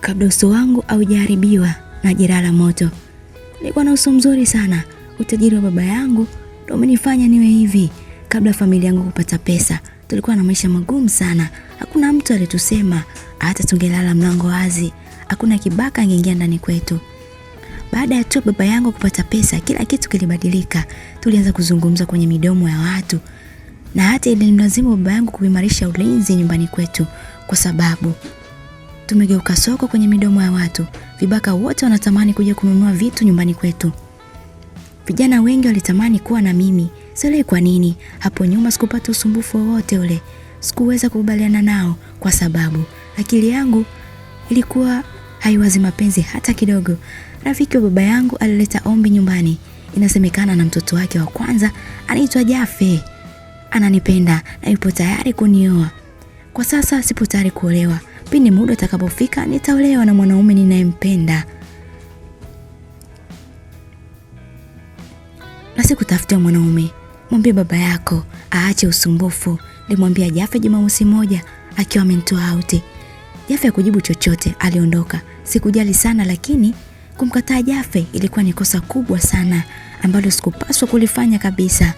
kabla uso wangu haujaharibiwa na jeraha la moto. Nilikuwa na uso mzuri sana. Utajiri wa baba yangu ndio umenifanya niwe hivi. Kabla familia yangu kupata pesa, tulikuwa na maisha magumu sana. Hakuna mtu alitusema, hata tungelala mlango wazi, hakuna kibaka angeingia ndani kwetu. Baada ya tu baba yangu kupata pesa, kila kitu kilibadilika. Tulianza kuzungumza kwenye midomo ya watu, na hata ilimlazimu baba yangu kuimarisha ulinzi nyumbani kwetu, kwa sababu Tumegeuka soko kwenye midomo ya watu. Vibaka wote wanatamani kuja kununua vitu nyumbani kwetu. Vijana wengi walitamani kuwa na mimi, sielewi kwa nini. Hapo nyuma sikupata usumbufu wowote ule, sikuweza kukubaliana nao kwa sababu akili yangu ilikuwa haiwazi mapenzi hata kidogo. Rafiki wa baba yangu alileta ombi nyumbani, inasemekana na mtoto wake wa kwanza anaitwa Jafe ananipenda na yupo tayari kunioa. Kwa sasa sipo tayari kuolewa, Pindi muda utakapofika, nitaolewa na mwanaume ninayempenda na sikutafutia mwanaume. Mwambie baba yako aache usumbufu, limwambia Jafe Jumamosi moja akiwa amentoa auti. Jafe ya kujibu chochote, aliondoka. Sikujali sana, lakini kumkataa Jafe ilikuwa ni kosa kubwa sana ambalo sikupaswa kulifanya kabisa.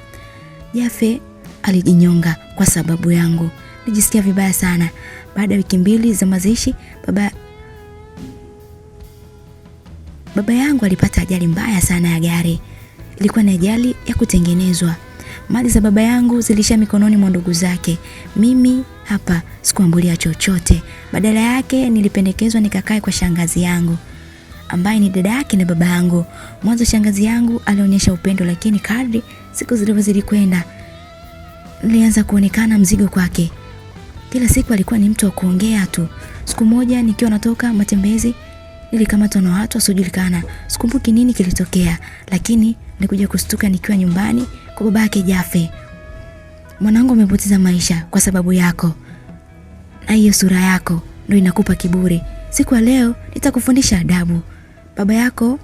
Jafe alijinyonga kwa sababu yangu alijisikia vibaya sana. Baada ya wiki mbili za mazishi, baba baba yangu alipata ajali mbaya sana ya gari. Ilikuwa ni ajali ya kutengenezwa. Mali za baba yangu zilisha mikononi mwa ndugu zake. Mimi hapa sikuambulia chochote, badala yake nilipendekezwa nikakae kwa shangazi yangu ambaye ni dada yake na baba yangu. Mwanzo shangazi yangu alionyesha upendo, lakini kadri siku zilivyozidi kwenda nilianza kuonekana mzigo kwake. Kila siku alikuwa ni mtu wa kuongea tu. Siku moja nikiwa natoka matembezi nilikamatwa na watu wasiojulikana. Sikumbuki nini kilitokea, lakini nilikuja kustuka nikiwa nyumbani kwa babake Jafe. Mwanangu amepoteza maisha kwa sababu yako. Na hiyo sura yako ndio inakupa kiburi. Siku ya leo nitakufundisha adabu. Baba yako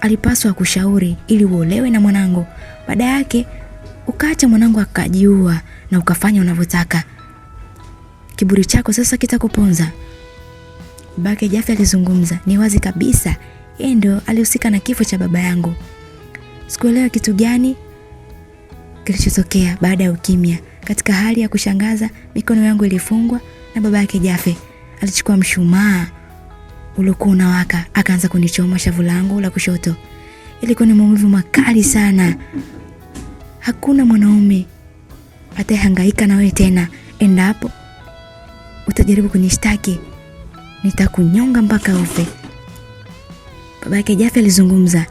alipaswa kushauri ili uolewe na mwanangu. Baada yake ukaacha mwanangu akajiua na ukafanya unavyotaka kiburi chako sasa kitakuponza. Babake Jafi alizungumza, ni wazi kabisa yeye ndio alihusika na kifo cha baba yangu. Sikuelewa kitu gani kilichotokea baada ya ukimya. Katika hali ya kushangaza, mikono yangu ilifungwa na baba yake Jafe Alichukua mshumaa uliokuwa unawaka, akaanza kunichoma shavu langu la kushoto. Ilikuwa ni maumivu makali sana. Hakuna mwanaume atahangaika na wewe tena endapo utajaribu kunishtaki, nitakunyonga mpaka ufe. Baba yake Jafe alizungumza,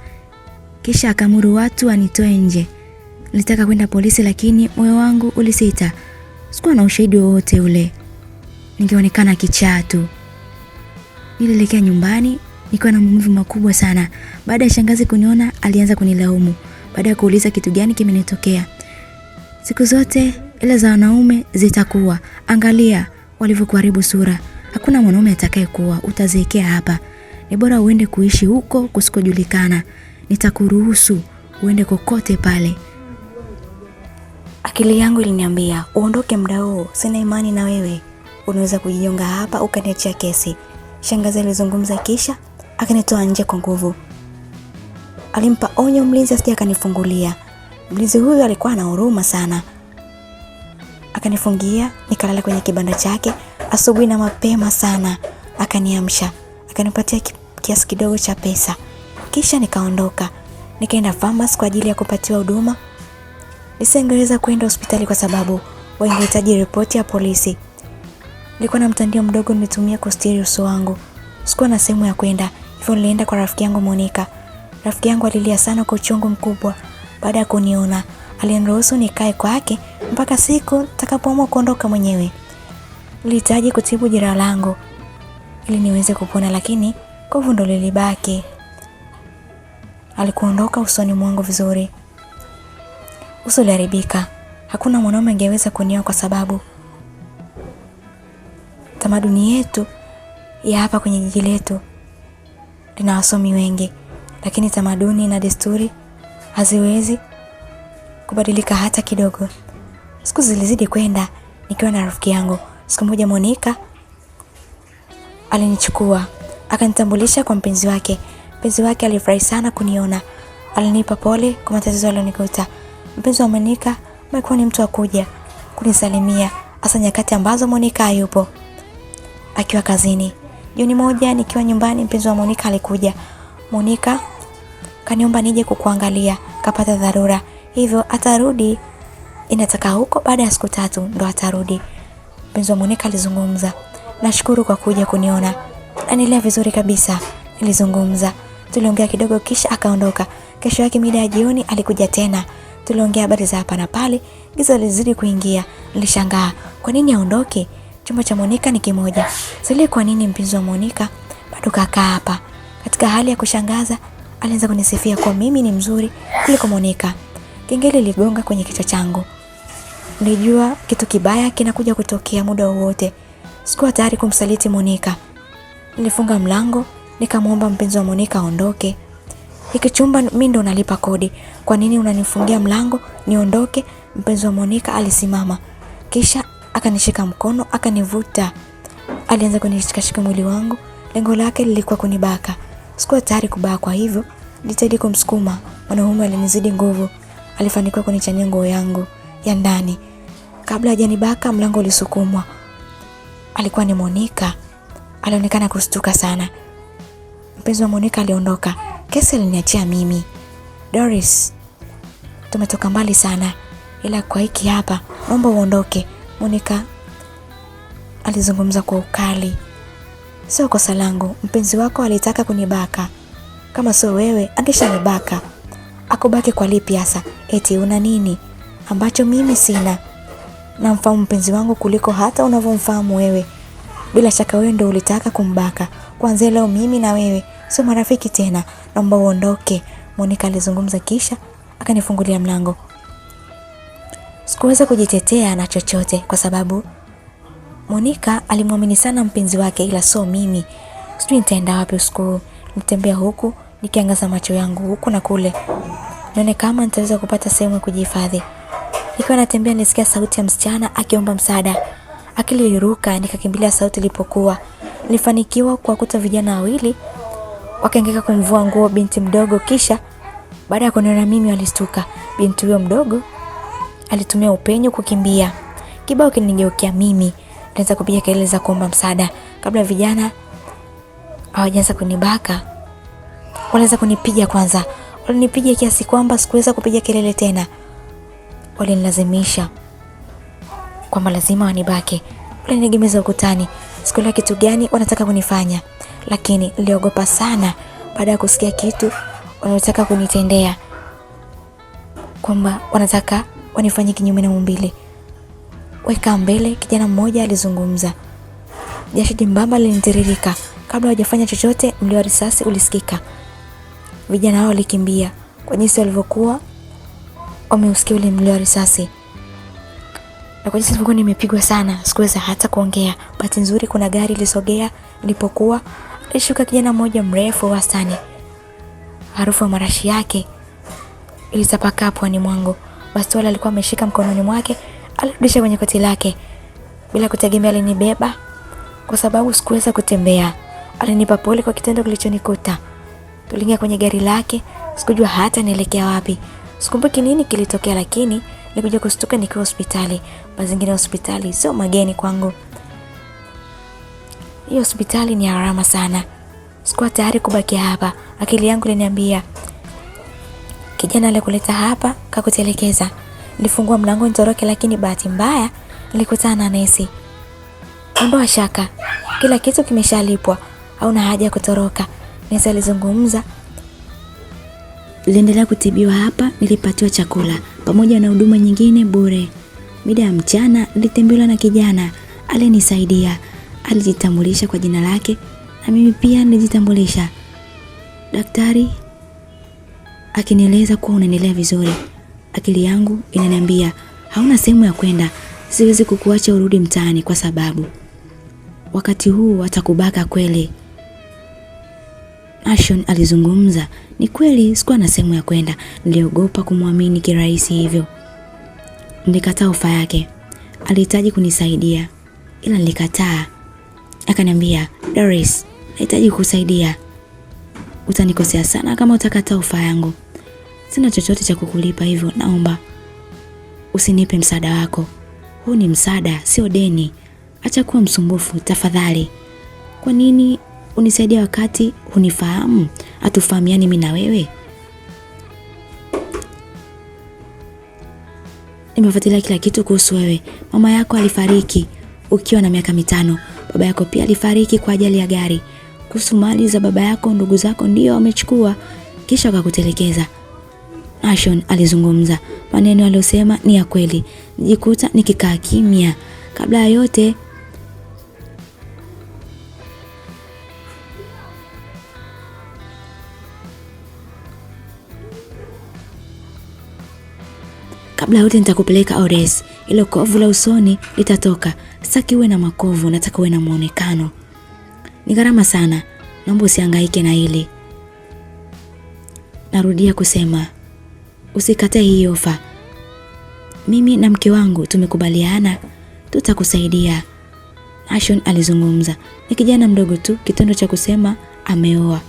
kisha akamuru watu anitoe nje. Nilitaka kwenda polisi, lakini moyo wangu ulisita. Sikuwa na ushahidi wowote ule, ningeonekana kichaa tu. Nilielekea nyumbani nikiwa na maumivu makubwa sana. Baada ya shangazi kuniona, alianza kunilaumu baada ya kuuliza kitu gani kimenitokea. Siku zote ila za wanaume zitakuwa, angalia walivyokuharibu sura. Hakuna mwanaume atakayekuwa utazeekea hapa. Ni bora uende kuishi huko kusikojulikana. Nitakuruhusu uende kokote pale. Akili yangu iliniambia uondoke muda huu, sina imani na wewe, unaweza kujinyonga hapa ukaniachia kesi. Shangazi alizungumza kisha akanitoa nje kwa nguvu. Alimpa onyo mlinzi asije akanifungulia. Mlinzi huyo alikuwa na huruma sana akanifungia, nikalala kwenye kibanda chake. Asubuhi na mapema sana akaniamsha, akanipatia kiasi kidogo cha pesa, kisha nikaondoka, nikaenda Farmers kwa ajili ya kupatiwa huduma. Nisingeweza kwenda hospitali kwa sababu wangehitaji ripoti ya polisi. Nilikuwa na mtandio mdogo nilitumia kustiri uso wangu, sikuwa na sehemu ya kwenda, hivyo nilienda kwa rafiki yangu monika Rafiki yangu alilia sana kwa uchungu mkubwa baada ya kuniona aliniruhusu nikae kwake mpaka siku nitakapoamua kuondoka mwenyewe. Nilihitaji kutibu jeraha langu ili niweze kupona, lakini kovu ndo lilibaki. Alikuondoka usoni mwangu vizuri, uso uliharibika. Hakuna mwanaume angeweza kunioa kwa sababu tamaduni yetu ya hapa kwenye jiji letu lina wasomi wengi, lakini tamaduni na desturi haziwezi kubadilika hata kidogo. Siku zilizidi kwenda, nikiwa na rafiki yangu. Siku moja Monica alinichukua akanitambulisha kwa mpenzi wake. Mpenzi wake alifurahi sana kuniona, alinipa pole kwa matatizo yalionikuta. Mpenzi wa Monica amekuwa ni mtu wa kuja kunisalimia, hasa nyakati ambazo Monica hayupo akiwa kazini. Jioni moja nikiwa nyumbani, mpenzi wa Monica alikuja. Monica kaniomba nije kukuangalia, kapata dharura hivyo atarudi inataka huko baada ya siku tatu ndo atarudi. Mpenzi wa Monica alizungumza, nashukuru kwa kuja kuniona, anielewa vizuri kabisa, nilizungumza tuliongea kidogo, kisha akaondoka. Kesho yake mida ya jioni alikuja tena, tuliongea habari za hapa na pale. Giza lilizidi kuingia, nilishangaa kwa nini aondoke. Chumba cha monika ni kimoja, sili kwa nini mpinzi wa monika bado kakaa hapa. Katika hali ya kushangaza, alianza kunisifia kwa mimi ni mzuri kuliko monika Kengele iligonga kwenye kichwa changu. Nilijua kitu kibaya kinakuja kutokea muda wowote. Sikuwa tayari kumsaliti Monika. Nilifunga mlango, nikamwomba mpenzi wa Monika aondoke. Hiki chumba mimi ndo nalipa kodi. Kwa nini unanifungia mlango? Niondoke. Mpenzi wa Monika alisimama. Kisha akanishika mkono, akanivuta. Alianza kunishikashika mwili wangu. Lengo lake lilikuwa kunibaka. Sikuwa tayari kubaka, kwa hivyo, nilitaka kumsukuma. Mwanaume alinizidi nguvu alifanikiwa kunichania nguo yangu ya ndani. Kabla hajanibaka mlango ulisukumwa. Alikuwa ni monika Alionekana kustuka sana. Mpenzi wa monika aliondoka. Kesi aliniachia mimi. Doris, tumetoka mbali sana, ila kwa hiki hapa naomba uondoke. monika alizungumza kwa ukali. Sio kosa langu, mpenzi wako alitaka kunibaka. Kama sio wewe, angesha nibaka akubaki kwa lipi hasa? Eti una nini ambacho mimi sina? Namfahamu mpenzi wangu kuliko hata unavyomfahamu wewe. Bila shaka wewe ndio ulitaka kumbaka. Kwanza leo mimi na wewe sio marafiki tena, naomba uondoke. monika alizungumza kisha akanifungulia mlango. Sikuweza kujitetea na chochote kwa sababu monika alimwamini sana mpenzi wake, ila sio mimi. Sijui nitaenda wapi usiku, nitembea huku nikiangaza macho yangu huku na kule, nione kama nitaweza kupata sehemu ya kujihifadhi. Nikiwa natembea, nisikia sauti ya msichana akiomba msaada. Akili iliruka, nikakimbilia sauti ilipokuwa. Nilifanikiwa kuwakuta vijana wawili wakaengeka kumvua nguo binti mdogo, kisha baada ya kuniona mimi walistuka. Binti huyo mdogo alitumia upenyo kukimbia. Kibao kinigeukia mimi, nilianza kupiga kelele za kuomba msaada kabla vijana hawajaanza kunibaka. Walianza kunipiga kwanza, walinipiga kiasi kwamba sikuweza kupiga kelele tena. Walinilazimisha kwamba lazima wanibake, walinigemeza ukutani. Sikuelewa kitu gani wanataka kunifanya, lakini niliogopa sana baada ya kusikia kitu wanataka kunitendea, kwamba wanataka wanifanye kinyume na maumbile. Weka mbele, kijana mmoja alizungumza. Jasho jembamba linitiririka. Kabla hajafanya chochote, mlio wa risasi ulisikika. Vijana hao walikimbia kwa jinsi walivyokuwa wameusikia ule mlio wa risasi, na kwa jinsi nilikuwa nimepigwa sana, sikuweza hata kuongea. Bahati nzuri kuna gari lisogea, nilipokuwa alishuka kijana mmoja mrefu wastani. Harufu ya marashi yake ilitapakaa puani mwangu. Bastola alikuwa ameshika mkononi mwake, alirudisha kwenye koti lake bila kutegemea. Alinibeba kwa sababu sikuweza kutembea. Alinipa pole kwa kitendo kilichonikuta. Tuliingia kwenye gari lake, sikujua hata nielekea wapi. Sikumbuki nini kilitokea, lakini nilikuja kustuka nikiwa hospitali. Mazingira ya hospitali sio mageni kwangu. Hiyo hospitali ni harama sana. Sikuwa tayari kubakia hapa. Akili yangu iliniambia kijana alikuleta hapa kakutelekeza. Nilifungua mlango nitoroke, lakini bahati mbaya nilikutana na nesi. Ondoa shaka, kila kitu kimeshalipwa, hauna haja ya kutoroka nesi alizungumza. liendelea kutibiwa hapa, nilipatiwa chakula pamoja na huduma nyingine bure. Mida ya mchana nilitembelewa na kijana alinisaidia. Alijitambulisha kwa jina lake na mimi pia nilijitambulisha. Daktari akinieleza kuwa unaendelea vizuri. Akili yangu inaniambia hauna sehemu ya kwenda, siwezi kukuacha urudi mtaani kwa sababu wakati huu watakubaka kweli. Ashon alizungumza. Ni kweli sikuwa na sehemu ya kwenda, niliogopa kumwamini kirahisi hivyo. Nilikataa ofa yake. Alihitaji kunisaidia ila nilikataa. Akaniambia, "Doris, nahitaji kukusaidia. Utanikosea sana kama utakataa ofa yangu. Sina chochote cha kukulipa hivyo naomba usinipe msaada wako. Huu ni msaada, sio deni. Acha kuwa msumbufu tafadhali." Kwa nini unisaidia wakati hunifahamu, hatufahamiani mimi na wewe. Nimefuatilia kila kitu kuhusu wewe. Mama yako alifariki ukiwa na miaka mitano. Baba yako pia alifariki kwa ajali ya gari. Kuhusu mali za baba yako, ndugu zako ndio wamechukua kisha wakakutelekeza. Ashon alizungumza. Maneno aliyosema ni ya kweli. Nijikuta nikikaa kimya. Kabla ya yote kabla yote nitakupeleka Ores, ilo kovu la usoni litatoka. Sitaki uwe na makovu, nataka uwe na muonekano. Ni gharama sana, naomba usihangaike na hili. Narudia kusema usikate hii ofa. Mimi na mke wangu tumekubaliana tutakusaidia. Ashon alizungumza. Ni kijana mdogo tu, kitendo cha kusema ameoa.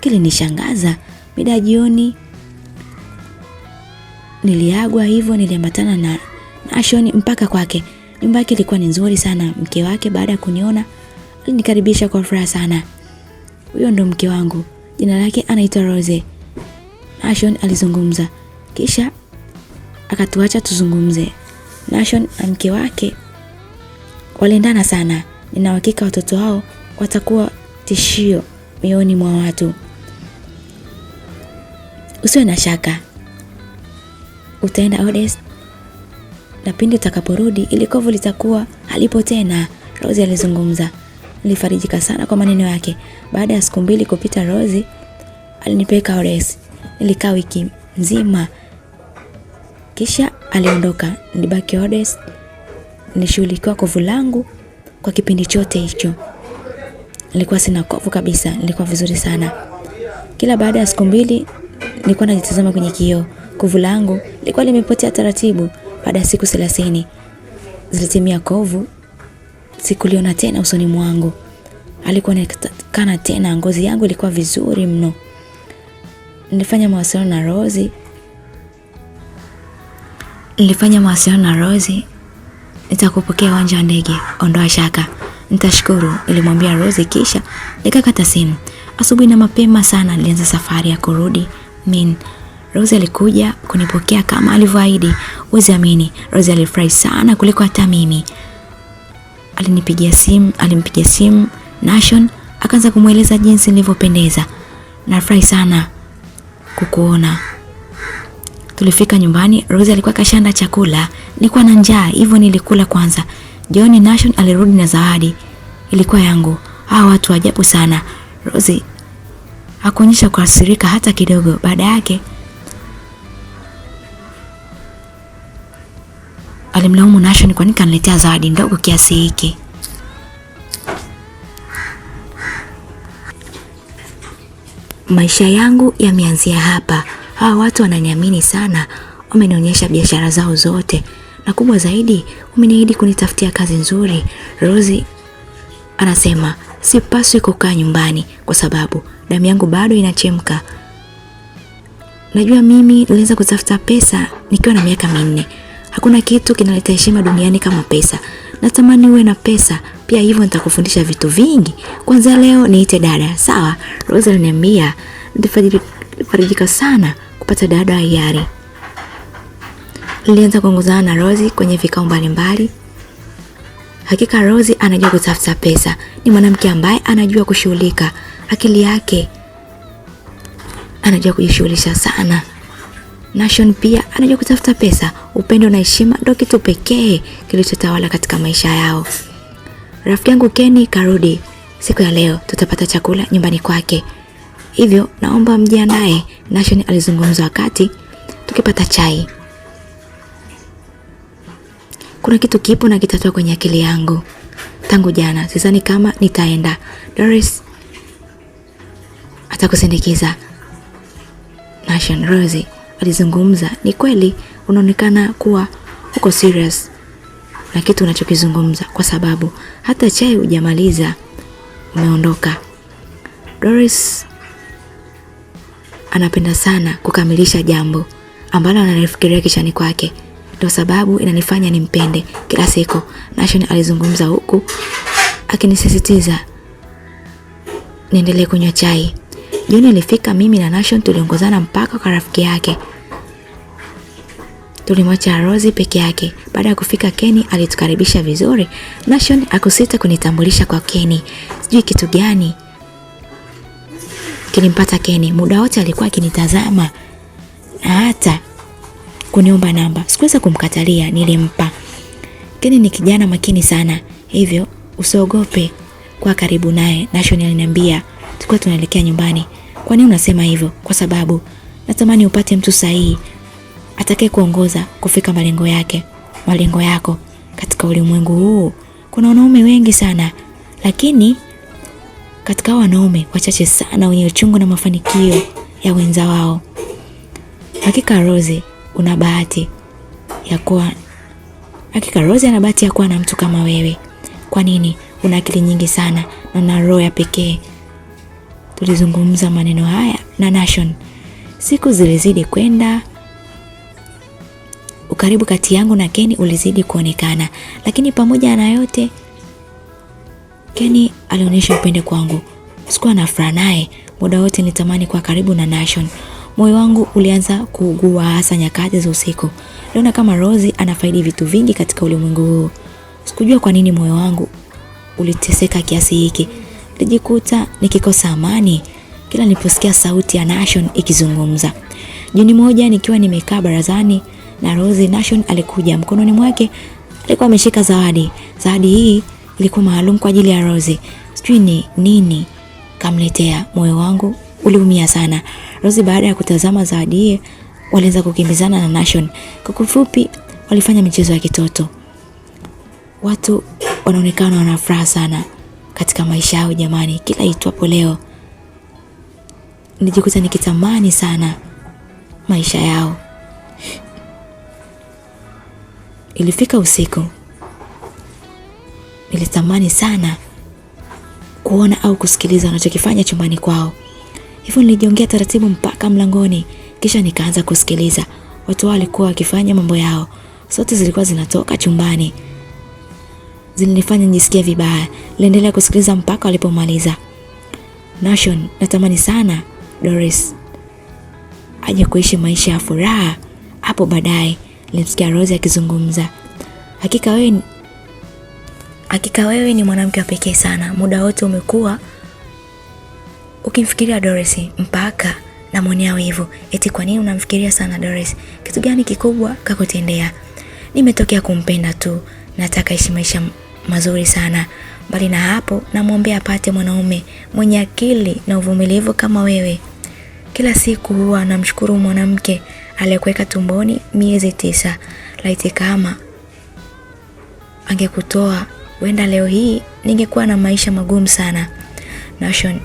Kilinishangaza. Mida jioni Niliagwa hivyo, niliambatana na Ashoni mpaka kwake. Nyumba yake ilikuwa ni nzuri sana. Mke wake baada ya kuniona alinikaribisha kwa furaha sana. Huyo ndo mke wangu, jina lake anaitwa Rose, Nashon alizungumza, kisha akatuacha tuzungumze. Nashon na mke wake walendana sana. Nina uhakika watoto wao watakuwa tishio mioni mwa watu. Usiwe na shaka utaenda Odes na pindi utakaporudi ili kovu litakuwa halipo tena, Rozi alizungumza. Nilifarijika sana kwa maneno yake. Baada ya siku mbili kupita, Rozi alinipeleka Odes. Nilikaa wiki nzima, kisha aliondoka. Nilibaki Odes, nilishughulikiwa kovu langu kwa kipindi chote hicho. Nilikuwa sina kovu kabisa, nilikuwa vizuri sana. Kila baada ya siku mbili nilikuwa najitazama kwenye kioo. Kovu langu lilikuwa limepotea taratibu. Baada ya siku thelathini zilitimia, kovu sikuliona tena usoni mwangu, alikuwa tena. Ngozi yangu ilikuwa vizuri mno. Nilifanya mawasiliano na Rozi, nilifanya mawasiliano na Rozi. Nitakupokea uwanja wa ndege, ondoa shaka, nitashukuru, nilimwambia Rozi, kisha nikakata simu. Asubuhi na mapema sana nilianza safari ya kurudi Min. Rose alikuja kunipokea kama alivyoahidi. Huwezi amini, Rose alifurahi sana kuliko hata mimi. Alinipigia simu, alimpigia simu Nation, akaanza kumweleza jinsi nilivyopendeza. Nafurahi sana kukuona. Tulifika nyumbani, Rose alikuwa kashanda chakula. Nilikuwa na njaa, hivyo nilikula kwanza. Jioni Nation alirudi na zawadi. Ilikuwa yangu. Hawa watu ajabu sana. Rose hakuonyesha kuasirika hata kidogo. Baada yake Alimlaumu nashon ni kwa nini kaniletea zawadi ndogo kiasi hiki. Maisha yangu yameanzia hapa. Hawa watu wananiamini sana, wamenionyesha biashara zao zote, na kubwa zaidi, umeniahidi kunitafutia kazi nzuri. Rozi anasema sipaswi kukaa nyumbani kwa sababu damu yangu bado inachemka. Najua mimi niliweza kutafuta pesa nikiwa na miaka minne. Hakuna kitu kinaleta heshima duniani kama pesa. Natamani uwe na pesa pia, hivyo nitakufundisha vitu vingi. Kwanza leo niite dada, sawa? Rose aliniambia nitafarijika sana kupata dada hiari. Nilianza kuongozana na Rose kwenye vikao mbalimbali. Hakika Rose anajua kutafuta pesa, ni mwanamke ambaye anajua kushughulika akili yake, anajua kujishughulisha sana na Shon pia anajua kutafuta pesa, upendo na heshima ndio kitu pekee kilichotawala katika maisha yao. Rafiki yangu Kenny karudi. Siku ya leo tutapata chakula nyumbani kwake. Hivyo naomba mje naye, Nashon alizungumza wakati tukipata chai. Kuna kitu kipo na kitatoa kwenye akili yangu. Tangu jana sidhani kama nitaenda. Doris atakusindikiza. Nashon Rosie alizungumza, ni kweli unaonekana kuwa uko serious na kitu unachokizungumza, kwa sababu hata chai hujamaliza umeondoka. Doris anapenda sana kukamilisha jambo ambalo analifikiria kishani kwake, ndio sababu inanifanya nimpende kila siku. Nashon alizungumza huku akinisisitiza niendelee kunywa chai. Jioni alifika, mimi na nation tuliongozana mpaka kwa rafiki yake. Tulimwacha Rozi peke yake. Baada ya kufika Keni alitukaribisha vizuri. na Nation akusita kunitambulisha kwa Keni. Sijui kitu gani kilimpata Keni. Muda wote alikuwa akinitazama na hata kuniomba namba. Sikuweza kumkatalia, nilimpa. Keni ni kijana makini sana, hivyo usiogope kwa karibu naye. Nashon aliniambia tulikuwa tunaelekea nyumbani. Kwa nini unasema hivyo? Kwa sababu natamani upate mtu sahihi atakaye kuongoza kufika malengo yake, malengo yako katika ulimwengu huu. Kuna wanaume wengi sana, lakini katika wanaume wachache sana wenye uchungu na mafanikio ya wenza wao. Hakika Rose, una bahati ya kuwa hakika Rose ana bahati ya kuwa na mtu kama wewe. Kwa nini? Una akili nyingi sana na una roho ya pekee. Tulizungumza maneno haya na Nation. Siku zilizidi kwenda ukaribu kati yangu na Keni ulizidi kuonekana, lakini pamoja na yote Keni alionyesha upendo kwangu. Sikuwa na furaha naye muda wote, nilitamani kuwa karibu na Nation. Moyo wangu ulianza kuugua, hasa nyakati za usiku. Niliona kama Rozi anafaidi vitu vingi katika ulimwengu huu. Sikujua kwa nini moyo wangu uliteseka kiasi hiki. Nilijikuta nikikosa amani kila niliposikia sauti ya Nation ikizungumza. Jioni moja nikiwa nimekaa barazani na Rose Nation alikuja. Mkononi mwake alikuwa ameshika zawadi. Zawadi hii ilikuwa maalum kwa ajili ya Rose. Sijui ni nini kamletea, moyo wangu uliumia sana. Rose baada ya kutazama zawadi hii walianza kukimbizana na Nation. Kwa kifupi, walifanya michezo ya kitoto. Watu wanaonekana wana furaha sana katika maisha yao jamani, kila itwapo leo nijikuta nikitamani sana maisha yao. Ilifika usiku, nilitamani sana kuona au kusikiliza wanachokifanya chumbani kwao, hivyo nilijiongea taratibu mpaka mlangoni, kisha nikaanza kusikiliza. Watu walikuwa wakifanya mambo yao, sauti zilikuwa zinatoka chumbani, zilinifanya nijisikie vibaya. Niliendelea kusikiliza mpaka walipomaliza. Nation, natamani sana Doris aje kuishi maisha ya furaha hapo baadaye, alimsikia Rose akizungumza. Hakika wewe ni... hakika wewe ni mwanamke wa pekee sana, muda wote umekuwa ukimfikiria Doris mpaka namwonea wivu. Eti kwa nini unamfikiria sana Doris? Kitu gani kikubwa kakutendea? Nimetokea kumpenda tu, nataka ishi maisha mazuri sana. Mbali na hapo, namwombea apate mwanaume mwenye akili na uvumilivu kama wewe. Kila siku huwa namshukuru mwanamke aliyekuweka tumboni miezi tisa. Laiti kama angekutoa, huenda leo hii ningekuwa na maisha magumu sana. Nashon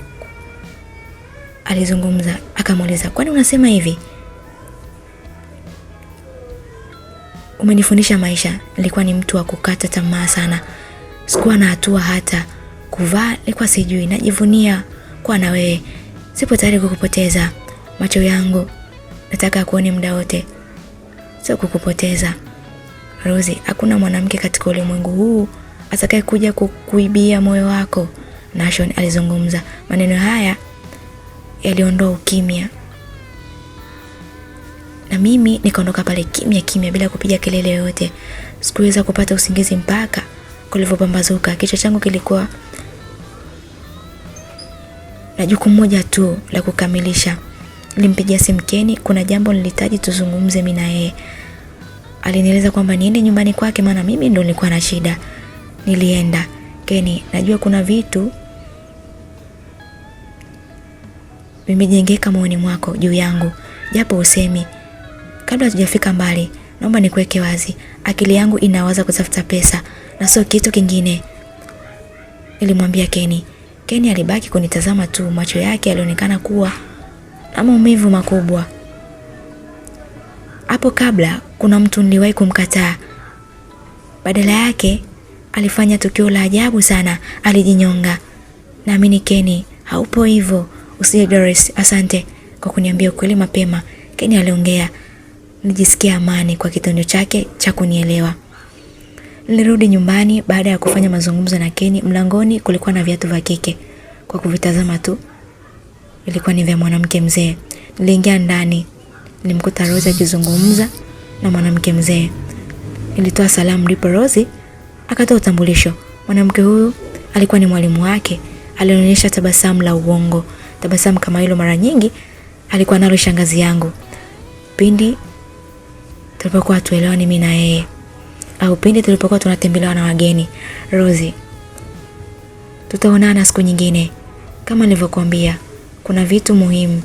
alizungumza, akamuuliza, kwani unasema hivi? Umenifundisha maisha. Nilikuwa ni mtu wa kukata tamaa sana, sikuwa na hatua hata kuvaa nilikuwa sijui. Najivunia kuwa na wewe, sipo tayari kukupoteza. Macho yangu Nataka akuone muda wote, sio kukupoteza. Rozi, hakuna mwanamke katika ulimwengu huu atakaye kuja kukuibia moyo wako. Nashon alizungumza maneno haya yaliondoa ukimya, na mimi nikaondoka pale kimya kimya, bila kupiga kelele yoyote. Sikuweza kupata usingizi mpaka kulivyopambazuka. Kichwa changu kilikuwa na jukumu moja tu la kukamilisha nilimpigia simu Keni, kuna jambo nilihitaji tuzungumze mimi na yeye. Alinieleza kwamba niende nyumbani kwake maana mimi ndo nilikuwa na shida. Nilienda. Keni, najua kuna vitu vimejengeka moyoni mwako juu yangu, japo usemi. Kabla hatujafika mbali, naomba nikuweke wazi, akili yangu inawaza kutafuta pesa na sio kitu kingine, nilimwambia Keni. Keni alibaki kunitazama tu, macho yake yalionekana kuwa na maumivu makubwa. Hapo kabla kuna mtu niliwahi kumkataa. Badala yake alifanya tukio la ajabu sana, alijinyonga. Naamini Keni haupo hivyo. Usije Doris, asante kwa kuniambia ukweli mapema, Keni aliongea. Nijisikia amani kwa kitendo chake cha kunielewa. Nilirudi nyumbani baada ya kufanya mazungumzo na Keni. Mlangoni kulikuwa na viatu vya kike. Kwa kuvitazama tu Vilikuwa ni vya mwanamke mzee. Niliingia ndani, nilimkuta Rose akizungumza na mwanamke mzee. Nilitoa salamu, ndipo Rose akatoa utambulisho. Mwanamke huyu alikuwa ni mwalimu wake. Alionyesha tabasamu la uongo. Tabasamu kama hilo mara nyingi alikuwa nalo shangazi yangu pindi tulipokuwa ni mimi na yeye, au pindi tulipokuwa tunatembelewa na wageni. Rosie, tutaonana siku nyingine kama nilivyokuambia kuna vitu muhimu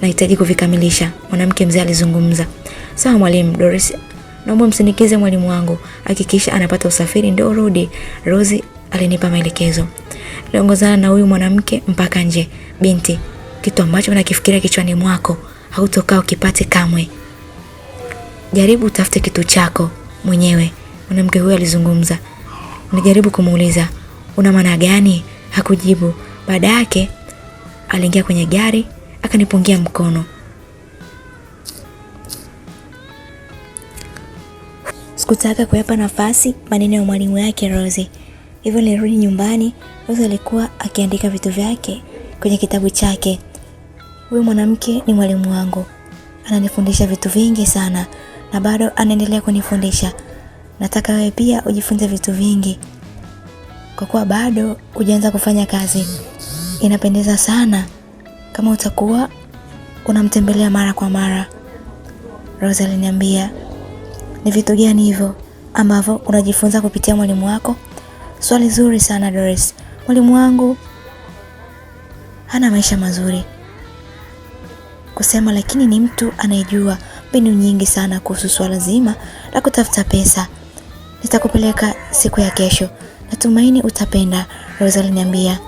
nahitaji kuvikamilisha, mwanamke mzee alizungumza. Sawa mwalimu, Doris naomba msindikize mwalimu wangu, hakikisha anapata usafiri ndio rudi rosi alinipa maelekezo. Niliongozana na huyu mwanamke mpaka nje. Binti, kitu ambacho nakifikiria kichwani mwako hautokaa ukipate kamwe. Jaribu utafute kitu chako mwenyewe, mwanamke huyo alizungumza. Nilijaribu kumuuliza una maana gani, hakujibu. Baada yake aliingia kwenye gari akanipungia mkono. Sikutaka kuyapa nafasi maneno ya mwalimu yake Rose, hivyo nilirudi nyumbani. Rose alikuwa akiandika vitu vyake kwenye kitabu chake. Huyu mwanamke ni mwalimu wangu, ananifundisha vitu vingi sana na bado anaendelea kunifundisha. Nataka wewe pia ujifunze vitu vingi, kwa kuwa bado hujaanza kufanya kazi inapendeza sana kama utakuwa unamtembelea mara kwa mara. Rose aliniambia, ni vitu gani hivyo ambavyo unajifunza kupitia mwalimu wako? Swali zuri sana Doris. Mwalimu wangu hana maisha mazuri kusema, lakini ni mtu anayejua mbinu nyingi sana kuhusu swala zima la kutafuta pesa. Nitakupeleka siku ya kesho, natumaini utapenda, Rose aliniambia.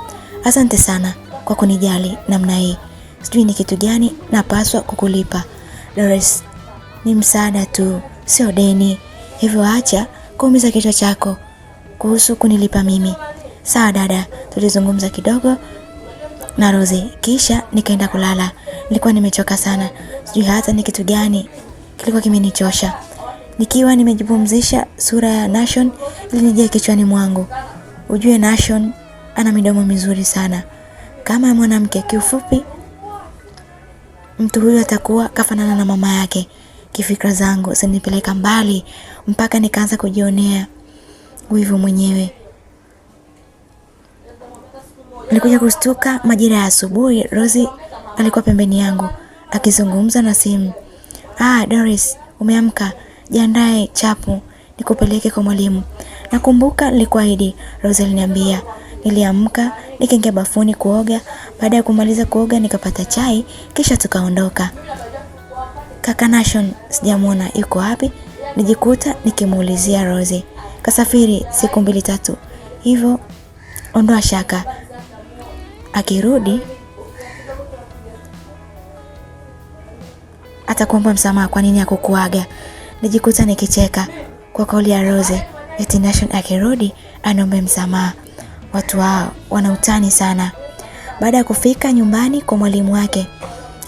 Asante sana kwa kunijali namna hii, sijui ni kitu gani napaswa kukulipa. Doris, ni msaada tu, sio deni, hivyo acha kuumiza kichwa chako kuhusu kunilipa mimi. Sawa dada, tulizungumza kidogo na Rose kisha nikaenda kulala. Nilikuwa nimechoka sana, sijui hata ni kitu gani kilikuwa kimenichosha. Nikiwa nimejipumzisha, sura ya Nation ilinijia kichwani mwangu. Ujue Nation ana midomo mizuri sana kama mwanamke. Kiufupi, mtu huyu atakuwa kafanana na mama yake. Kifikra zangu zinipeleka mbali mpaka nikaanza kujionea wivu mwenyewe. Nilikuja kustuka majira ya asubuhi. Rosie alikuwa pembeni yangu akizungumza na simu. Ah, Doris, umeamka? Jiandae chapu nikupeleke kwa mwalimu. Nakumbuka nilikuahidi, Rosie aliniambia. Niliamka, nikaingia bafuni kuoga. Baada ya kumaliza kuoga, nikapata chai, kisha tukaondoka. Kaka Nashon sijamwona yuko wapi, nijikuta nikimuulizia Rose. Kasafiri siku mbili tatu hivyo, ondoa shaka, akirudi atakuomba msamaha kwa nini akukuaga. Nijikuta nikicheka kwa kauli ya Rose eti Nashon akirudi anombe msamaha. Watu hao wana utani sana. Baada ya kufika nyumbani kwa mwalimu wake,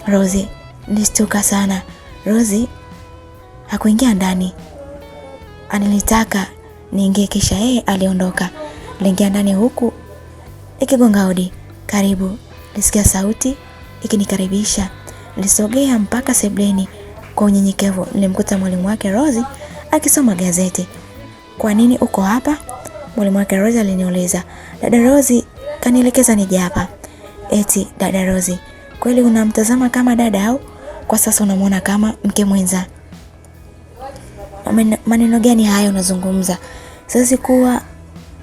Rozi nilishtuka sana. Rozi hakuingia ndani, anilitaka niingie, kisha yeye aliondoka. Niliingia ndani huku ikigonga hodi. Karibu, nilisikia sauti ikinikaribisha. Nilisogea mpaka sebleni. Kwa unyenyekevu nilimkuta mwalimu wake Rozi akisoma gazeti. Kwa nini uko hapa? Mwalimu wake Rose aliniuliza, dada Rose kanielekeza nije hapa. Eti dada Rose, kweli unamtazama kama dada au kwa sasa unamwona kama mke mwenza? Maneno gani haya unazungumza? Siwezi kuwa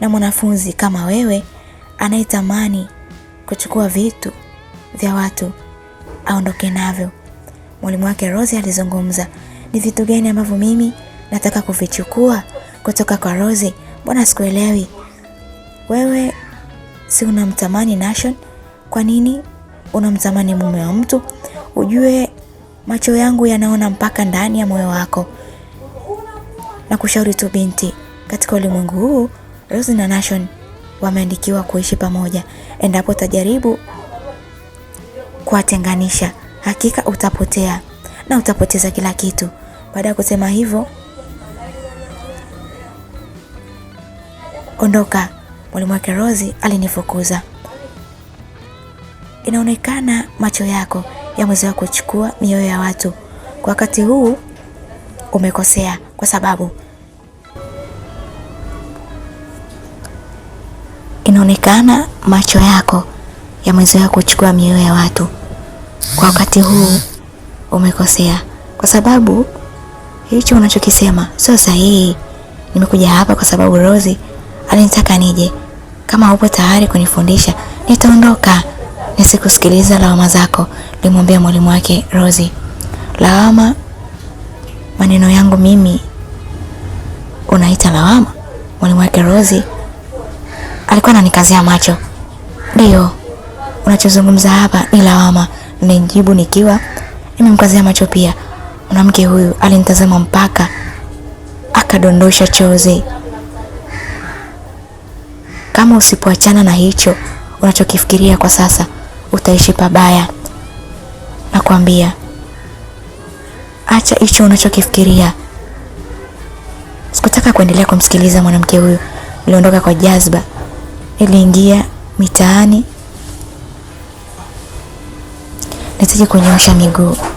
na mwanafunzi kama wewe anayetamani kuchukua vitu vya watu aondoke navyo. Mwalimu wake Rose alizungumza, ni vitu gani ambavyo mimi nataka kuvichukua kutoka kwa Rose? Mbona sikuelewi wewe, si unamtamani Nation? Kwa nini unamtamani mume wa mtu? Ujue macho yangu yanaona mpaka ndani ya moyo wako. Na kushauri tu binti, katika ulimwengu huu Rose na Nation wameandikiwa kuishi pamoja. Endapo utajaribu kuwatenganisha, hakika utapotea na utapoteza kila kitu. Baada ya kusema hivyo Ondoka, mwalimu wake Rozi alinifukuza. Inaonekana macho yako yamezoea kuchukua mioyo ya watu. Kwa wakati huu umekosea, kwa sababu inaonekana macho yako yamezoea kuchukua mioyo ya watu. Kwa wakati huu umekosea, kwa sababu hicho unachokisema sio sahihi. Nimekuja hapa kwa sababu Rozi alinitaka nije. Kama upo tayari kunifundisha, nitaondoka. Nisikusikiliza lawama zako, limwambia mwalimu wake Rosie. Lawama? Maneno yangu mimi unaita lawama? Mwalimu wake Rosie alikuwa ananikazia macho. Ndio, unachozungumza hapa ni lawama, nilijibu nikiwa nimemkazia macho pia. Mwanamke huyu alinitazama mpaka akadondosha chozi. Kama usipoachana na hicho unachokifikiria kwa sasa, utaishi pabaya. Nakwambia, acha hicho unachokifikiria. Sikutaka kuendelea kumsikiliza mwanamke huyu. Niliondoka kwa jazba, niliingia mitaani, nitaje kunyoosha miguu.